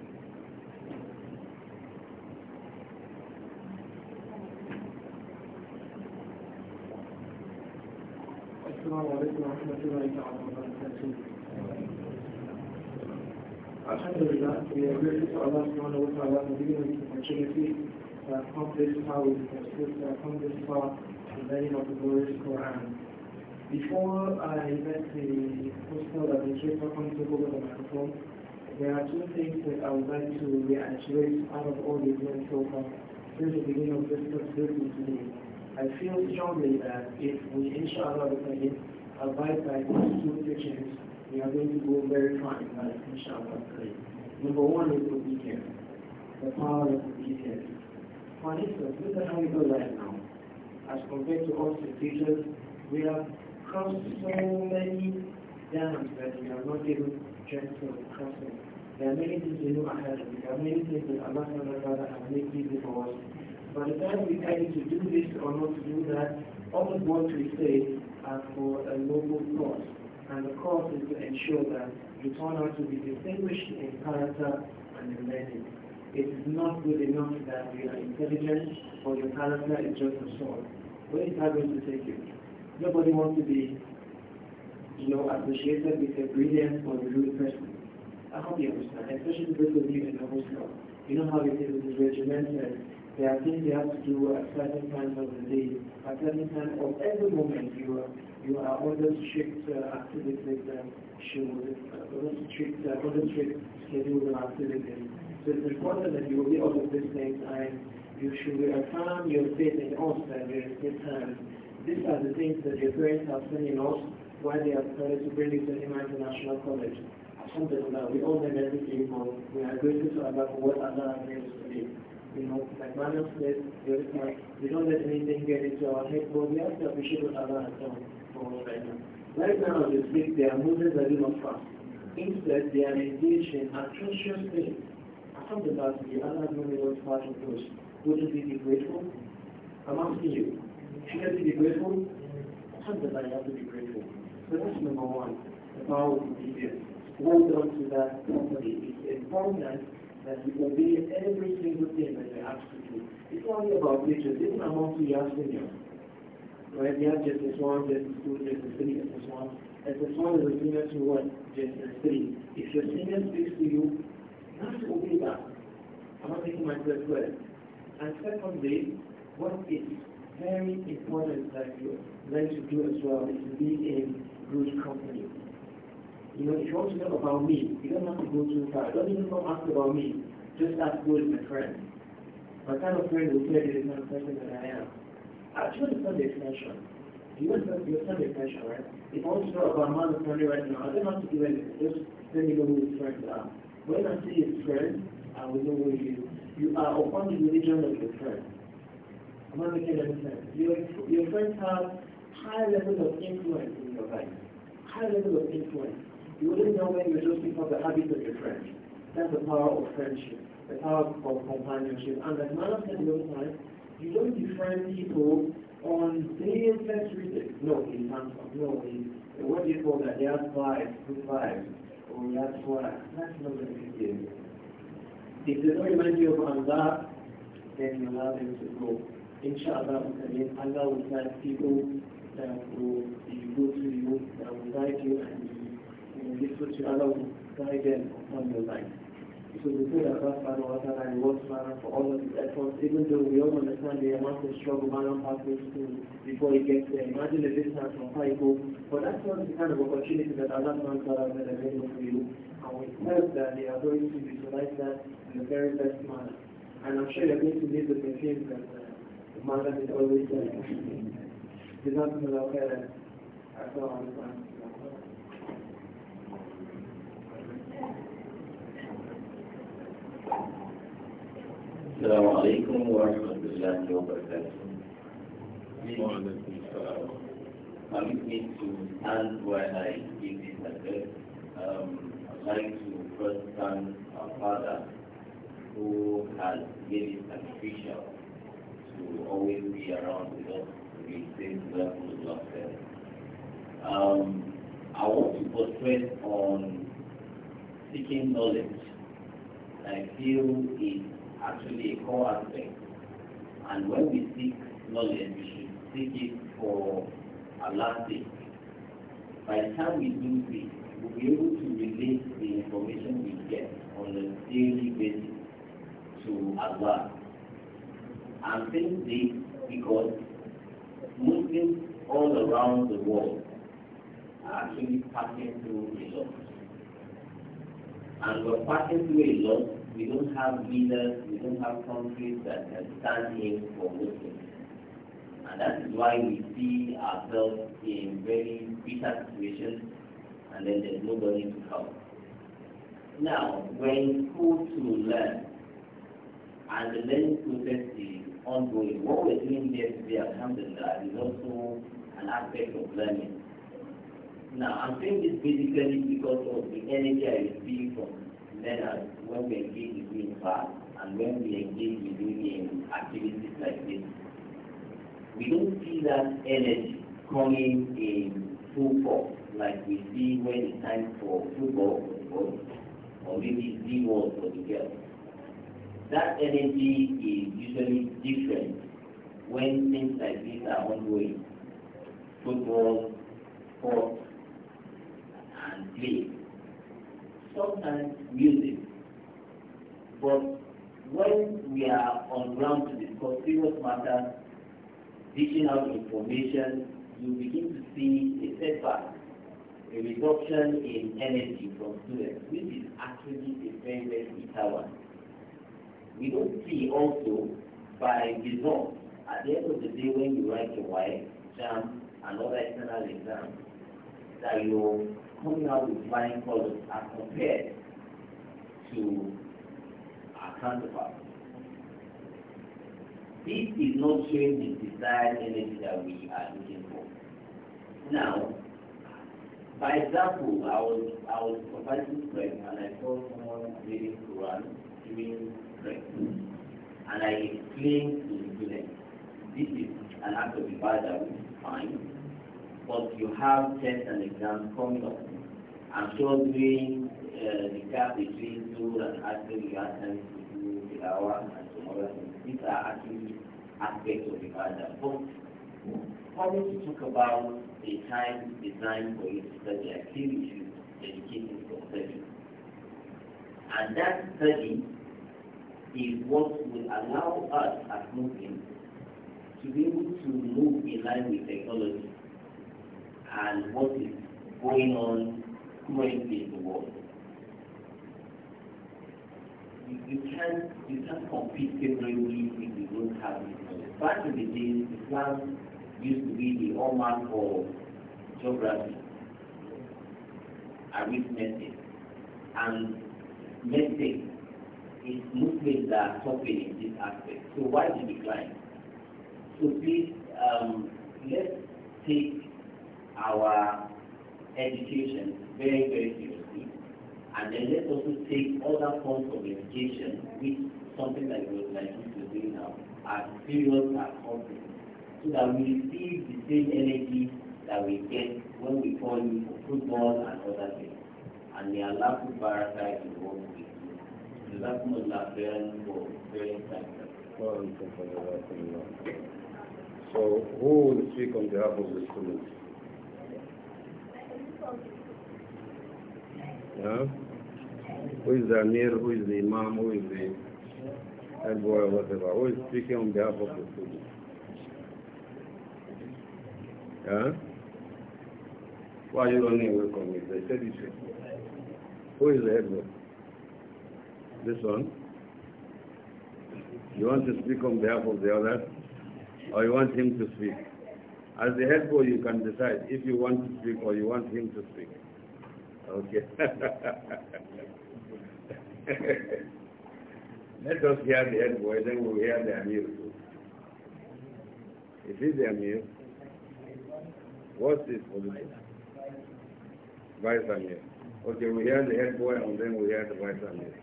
السلام عليكم ورحمة الله وبركاته الحمد لله the far the name of the glorious Quran. Before I let the hostel that the come to the microphone, there are two things that I would like to reiterate out of all the events so far since the beginning of this today. I feel strongly that if we, inshallah, abide by these two teachings, we are going to go very far in life, inshallah. Number one is obedience, the power of obedience. For instance, look at how we go right now. As compared to all the teachers, we have crossed so many dams that we are not even to cross them. There are many things we know ahead of us. There are many things that Allah has made easy for us. By the time we aim to do this or not to do that, all of what we say are for a noble cause. And the cause is to ensure that you turn out to be distinguished in character and in learning. It is not good enough that you are intelligent or your character is just a sword. Where is that going to take you? Nobody wants to be, you know, associated with a brilliant or a rude person. I hope you understand, especially those of you in the hospital. You know how it is regimented there are things you have to do at certain times of the day, at certain time of every moment. You are, you are under strict uh, activities and uh, schedule, uh, under strict, uh, under strict schedule activities. So it's important that you be all of these things and you should reaffirm your faith in us at various time. These are the things that your parents are sending us while they are trying to bring you to Lima International College. Something that we all have everything, we are grateful to Allah for what Allah has made us today you know, like Manuel says, we don't let anything get into our head, but we have to appreciate what Allah has done for us right now. Right now, as we speak, there are Muslims that do not fast. Instead, they are engaged in atrocious things. Alhamdulillah, Allah has made us fast and close. Wouldn't we be grateful? I'm asking you. Should we be grateful? Alhamdulillah, you have to be grateful. So that's number one, the power of obedience. Well done to that property. It's important that you obey every single thing that you ask to do. It's only about nature. This amount to Yasin Right? We have Justice 1, Justice 2, Justice 3, Justice 1. Justice 1 is a senior to what? Justice 3. If your senior speaks to you, you have to obey that. I'm not making myself clear. And secondly, what is very important that you learn to do as well is to be in good company. You know, if you want to know about me, you don't have to go too far. Don't even come ask about me. Just ask who is my friend. My kind of friend will tell you the kind of person that I am. Actually, it's not the extension. You understand, the extension, right? If I want to know about my family right now, I don't have to do anything. Just let me know who his friends are. When I see his friend, I will know who he is. You are upon the religion of your friend. I'm not making any sense. Your, your friends have high level of influence in your life. High level of influence. You wouldn't know when you're just because the habit of your friend. That's the power of friendship, the power of companionship. And as Mana said the other time, you don't befriend people on baseless reasons. No, terms of, No, he's, what do you call that? They have vibes, good vibes. Oh, that's why. That's not going to be If they don't remind you of Allah, then you allow them to go. Inshallah, Allah will guide people that will be good to you, that will guide you and this which allow will guide them upon your life. So we pray that God Father wa Ta'ala rewards Maran for all of his efforts, even though we all understand the amount of struggle Maran passes through before he gets there. Imagine the distance from how he But that's not the kind of opportunity that Allah Ta'ala has available for you. And we hope that they are going to utilize that in the very best manner. And I'm sure you're going to live with the dream that uh, the Maran is always there. Jazakumullah khairan. Assalamu alaikum. السلام عليكم ورحمة الله وبركاته. Permit me to stand while I give this address. Um, I'd like to first thank our father who has made it beneficial to always be around with us to be safe level of ourselves. Um, I want to concentrate on seeking knowledge. I feel it actually a core aspect. And when we seek knowledge, we should seek it for long time. By the time we do this, we'll be able to relate the information we get on a daily basis to Allah. I'm saying this because Muslims all around the world are actually passing through a lot. And we're passing through a lot we don't have leaders, we don't have countries that can stand in for Muslims. And that is why we see ourselves in very bitter situations and then there's nobody to help. Now, when school to learn and the learning process is ongoing, what we're doing here today, alhamdulillah, is also an aspect of learning. Now, I'm saying this basically because of the energy I receive from learners when we engage with doing and when we engage with activities like this, we don't see that energy coming in full force like we see when it's time for football for the boy, or maybe the world for the girls. That energy is usually different when things like this are ongoing. Football, sports, and play. Sometimes music but when we are on ground to discuss serious matters, dishing out information, you begin to see a setback, a reduction in energy from students, which is actually a very, very bitter one. We don't see also by results, at the end of the day when you write your wife, jam, and other external exams, that you're coming out with flying colors as compared to can't pass. This is not showing the desired energy that we are looking for. Now, by example, I was I was providing break and I saw someone reading Quran during break, and I explained to the student, this is an act of ibadah, which is fine, but you have tests and exams coming up. I'm sure during uh, the gap between Zul and Asr, you have time to tilawah and some other things. These are actually aspects of ibadah. But I want to talk about the time designed for you to study. I feel you should dedicate it study. And that study is what will allow us as Muslims to be able to move in line with technology and what is going on currently in the world you can't you can't compete favorably if you don't have it. Back in the days, Islam used to be the hallmark for geography. arithmetic, And let's say it's Muslims that are suffering in this aspect. So why the decline? So please um, let's take our education very, very seriously. And then let's also take other forms of education, which something like what like this we're doing now, as serious as possible, so that we receive the same energy that we get when we call in for football and other things. And may Allah put baraka in what we do. for time. So, who will speak on behalf of the students? Yeah? Who is the Amir, who is the Imam, who is the head boy, whatever. Who is speaking on behalf of the students? Yeah? Why are you running away from me? They said it. Who is the head boy? This one? You want to speak on behalf of the other? Or you want him to speak? As the head boy, you can decide if you want to speak or you want him to speak. Okay. Let us hear the head voice then we'll hear the Amir too. Is it the Amir? What's his position? Vice Amir. Okay, we hear the head boy and then we hear the vice Amir.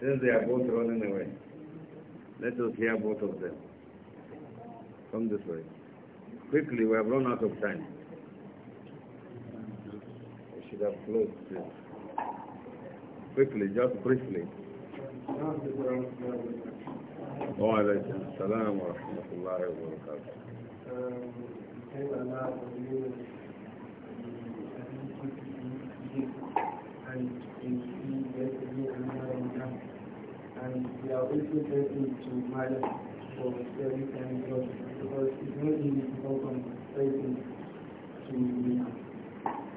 Since they are both running away, let us hear both of them. Come this way. Quickly, we have run out of time should have closed this. Quickly, just briefly. وعليكم السلام ورحمة wa وبركاته. And we are also to for because it's not easy to to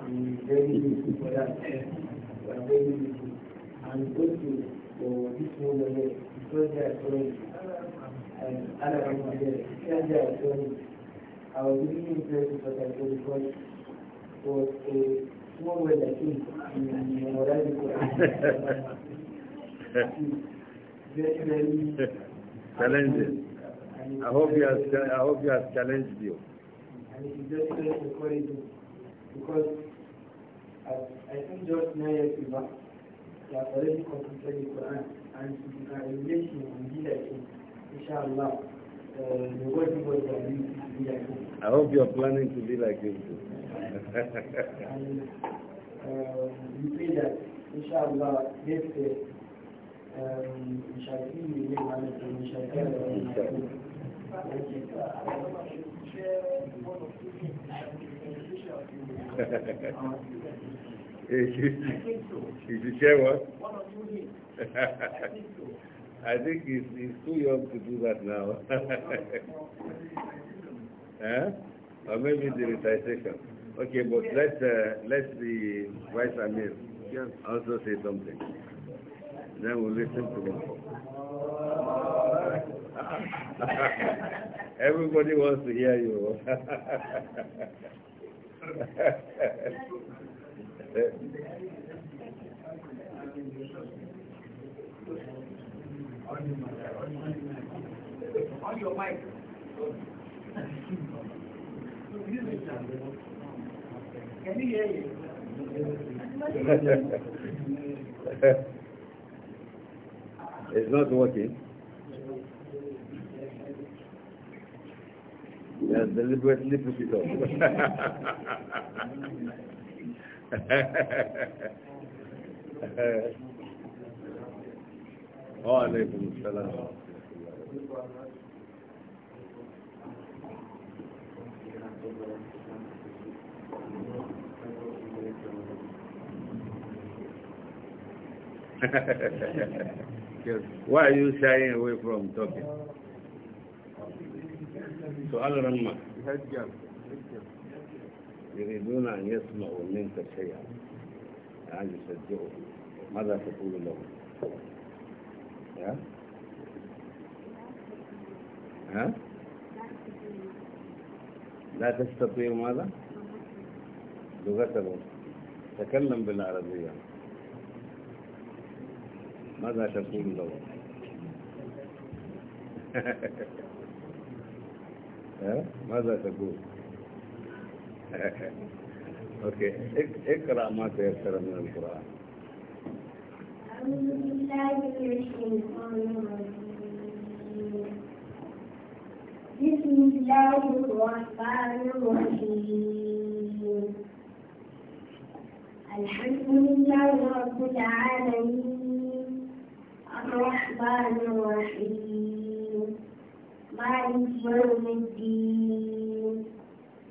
I'm very grateful for that. Eh? We are very grateful. And also for this moment eh? because they are showing, eh, and other people here, because they are showing, I was really impressed with I because it was a small way that came in Morocco. Very, very challenging. I hope you have I hope you have challenged you. And it is very, very encouraging because I think just now you have already completed the Quran and you can relate to be like him. Inshallah, the word was that be like him. I hope you are planning to be like him too. and uh, we pray that, inshallah, this day, um, we shall see you in the we shall tell you. Thank you. Is the chair what? I think he's, he's too young to do that now. eh? Or maybe the recitation. Okay, but let uh, let the Vice Amir also say something. Then we'll listen to him. Everybody wants to hear you. On your mic. Can you hear you? it's not working. Yeah, deliberately put it off. وعليكم السلام Why are you shying away from talking? Uh, so, Allah يريدون أن يسمعوا منك شيئا يعني يصدقوا ماذا تقول لهم ها ها لا تستطيع ماذا لغتهم تكلم بالعربية ماذا تقول لهم ماذا تقول okay. اقرأ ما تيسر من القرآن. أعوذ بالله من الشيطان الرجيم. بسم الله الرحمن الرحيم. الحمد لله رب العالمين. الرحمن الرحيم. مالك يوم الدين.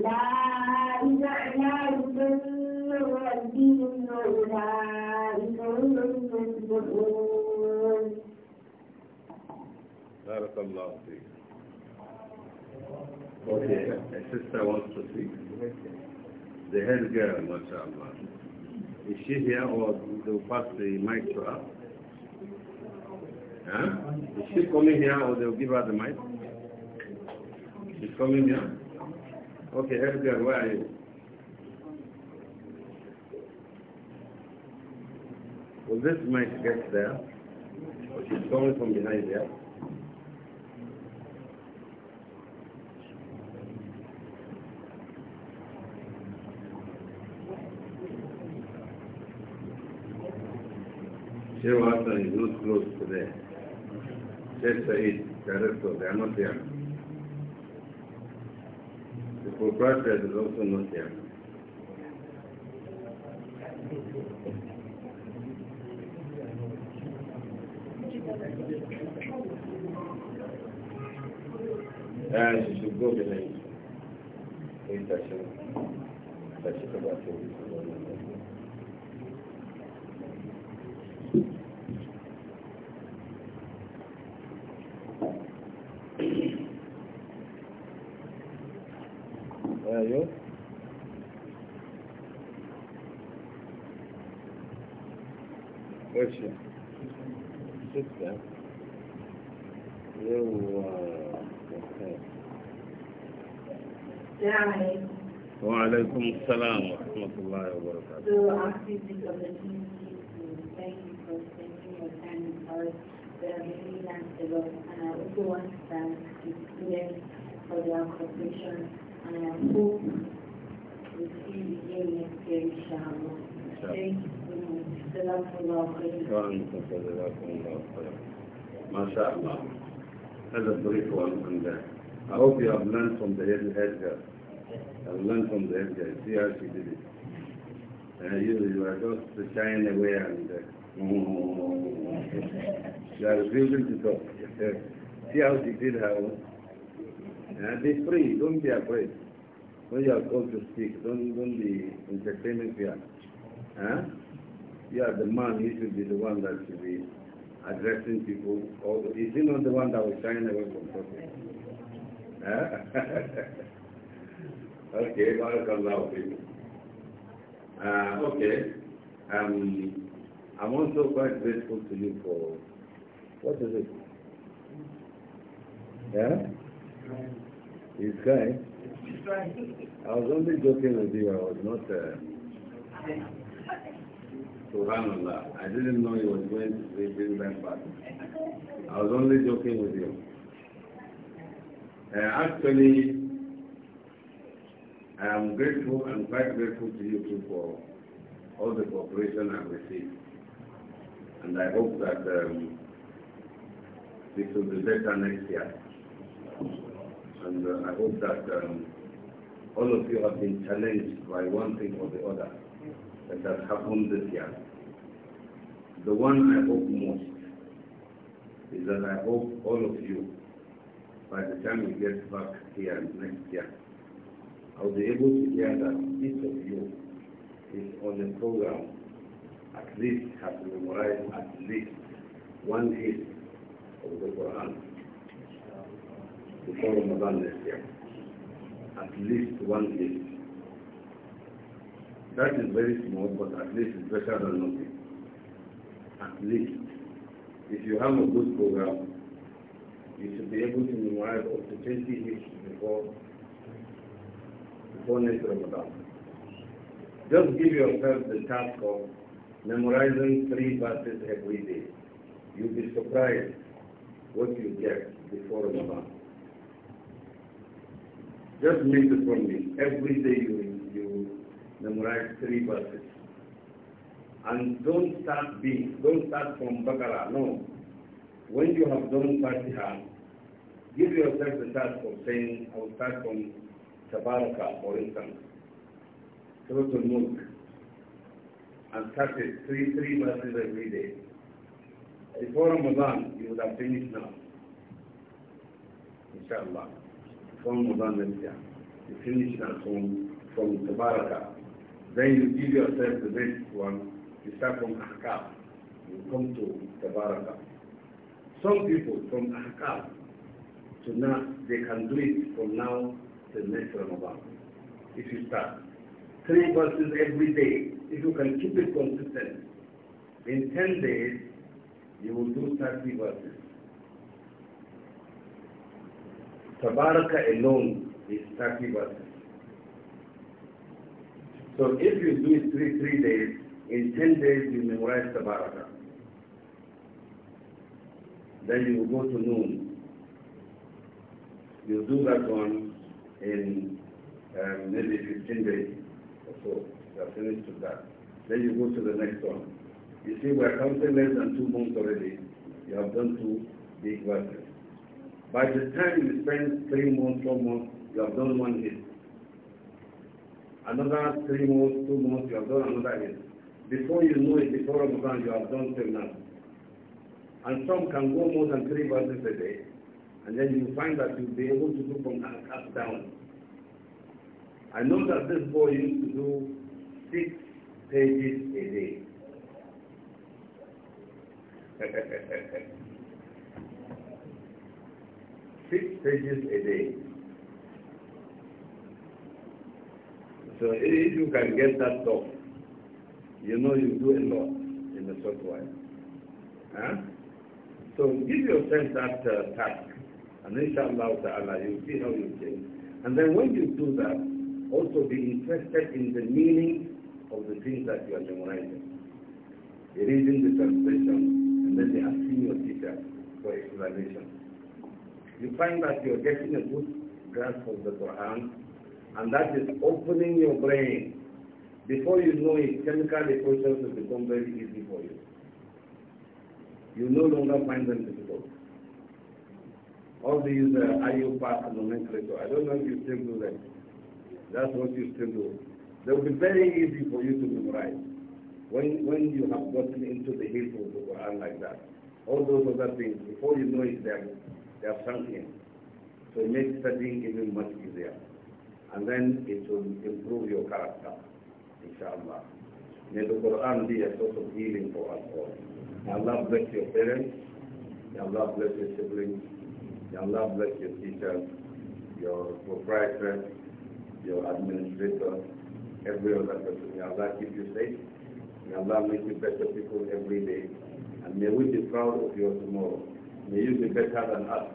أولئك على من ربهم وأولئك هم المفلحون بارك الله فيك Okay, a sister wants to speak. The head girl, mashallah. Is she here or do pass the mic to her? Huh? Is she coming here or they'll give her the mic? She's coming here? Okay, Edgar, where are you? Well, this might get there. She's coming from behind there. Sheikh Hassan is not close to there. Sheikh Saeed, director, they are not proprietors also not here. And she Ele está behind. Está I should. I should Wa alaikum assalam wa rahmatullahi wa barakatuh. So, thank you for spending your time with us. We are really thankful and I also want to thank the students for their cooperation and I hope we see you again next year, inshallah. Thank you so much. Jazakumullah khairan. MashaAllah. That's a brief one on that. Uh, I hope you have learned from the head, head girl. I've learned from the head girl. See how she did it. Uh, you, you are just shying away and uh, you are refusing to talk. see how she did her own. Uh, be free. Don't be afraid. When you are called to speak, don't, don't be entertaining fear. Huh? You are the man. You should be the one that should be addressing people. Or is he not the one that was shying away from talking? okay, barakallahu Uh, okay. Um, I'm also quite grateful to you for, what is it? Yeah? He's crying. I was only joking with you. I was not. Uh, Subhanallah. I didn't know you were going to in that back. I was only joking with you. Uh, actually, I am grateful, and quite grateful to you too for all the cooperation I've received. And I hope that um, this will be better next year. And uh, I hope that um, all of you have been challenged by one thing or the other that has happened this year. The one I hope most is that I hope all of you by the time we get back here next year, I'll be able to hear that each of you is on the program at least has memorized at least one hit of the Quran before Ramadan next year. At least one hit. That is very small, but at least it's better than nothing. At least. If you have a good program, you should be able to memorize up to 20 each before, before next Ramadan. Just give yourself the task of memorizing three verses every day. You'll be surprised what you get before Ramadan. Just make it from me. Every day you, you memorize three verses. And don't start big. Don't start from Baqarah. No. When you have done Fatiha, give yourself the task of saying, I will start from Tabaraka, for instance, through the mulk and start it three, three verses every day. Before Ramadan, you would have finished now. Inshallah. Before Ramadan next year, you finish now from, from Tabaraka. Then you give yourself the next one, you start from Ahkam, you come to Tabaraka. Some people from Ahkam, to now, they can do it from now till next Ramadan. If you start. Three verses every day. If you can keep it consistent, in 10 days, you will do 30 verses. Tabaraka alone is 30 verses. So if you do it three, three days, in 10 days you memorize Tabaraka. Then you will go to noon We'll do that one in um, maybe 15 days or so. We are finished with that. Then you go to the next one. You see, we're counting less than two months already. You have done two big verses. By the time you spend three months, four months, you have done one hit. Another three months, two months, you have done another hit. Before you know it, before Ramadan, you have done till now. And some can go more than three verses a day and then you find that you'll be able to do from up down. I know that this boy used to do six pages a day. six pages a day. So if you can get that done, you know you do a lot in a short while. Huh? So give yourself that uh, task. And inshallah ta'ala, you see how you change. And then when you do that, also be interested in the meaning of the things that you are memorizing. reading the translation, and then they asking your teacher for explanation. You find that you're getting a good grasp of the Quran, and that is opening your brain. Before you know it, chemical equations will become very easy for you. You no longer find them difficult all these uh, IU parts nomenclature. I don't know if you still do that. That's what you still do. They will be very easy for you to memorize when when you have gotten into the heat of the Quran like that. All those other things, before you know it, they are, they are sunk in. So it makes studying even much easier. And then it will improve your character, inshallah. May the Quran be a source of healing for us all. May Allah bless your parents. May Allah bless your siblings. May Allah bless your teachers, your proprietors, your administrators, every other person. May Allah keep you safe. May Allah make you better people every day. And may we be proud of you tomorrow. May you be better than us.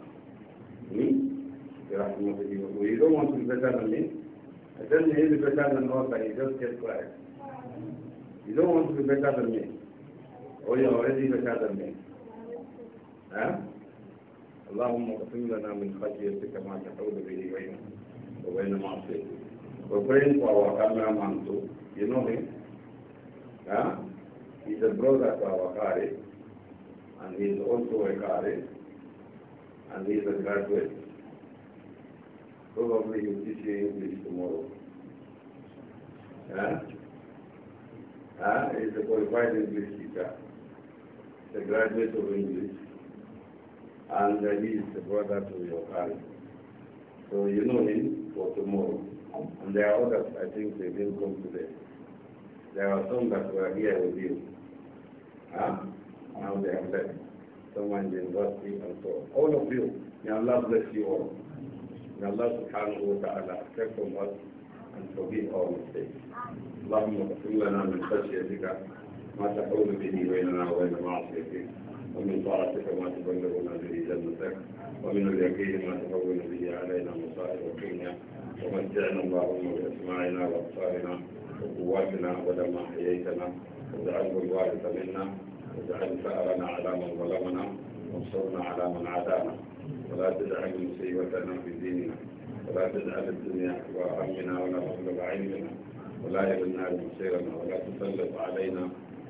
Me? You don't want to be better than me? I tell you be better than us, and you just get quiet. You don't want to be better than me. Oh, you're already better than me. Huh? اللهم اغفر لنا من خشيتك ما تحول به بيننا وبين معصيتك We're praying for our cameraman too. You know him? yeah? He's a brother to our Qari, and he's also a Qari, and he's a graduate. Probably he'll teach you English tomorrow. Huh? Huh? He's a qualified English teacher. He's a graduate of English and uh, he is the brother to your father. So you know him for tomorrow. And there are others, I think they didn't come today. There are some that were here with you. Huh? Now they have left. Someone in the university and so on. All of you, may Allah bless you all. May Allah subhanahu wa ta'ala accept from us and forgive our mistakes. اللهم اغفر لنا من خشيتك ما تحول به بيننا وبين معصيتك ومن طاعتك ما تبلغنا به جنتك ومن اليقين ما تهون به علينا مصائب الدنيا ومتعنا اللهم باسماعنا وابصارنا وقواتنا ولما احييتنا واجعله الوارث منا واجعل ثارنا على من ظلمنا وانصرنا على من عادانا ولا تجعل مصيبتنا في ديننا ولا تجعل الدنيا اكبر همنا ولا مبلغ علمنا ولا الى المصيرنا ولا تسلط علينا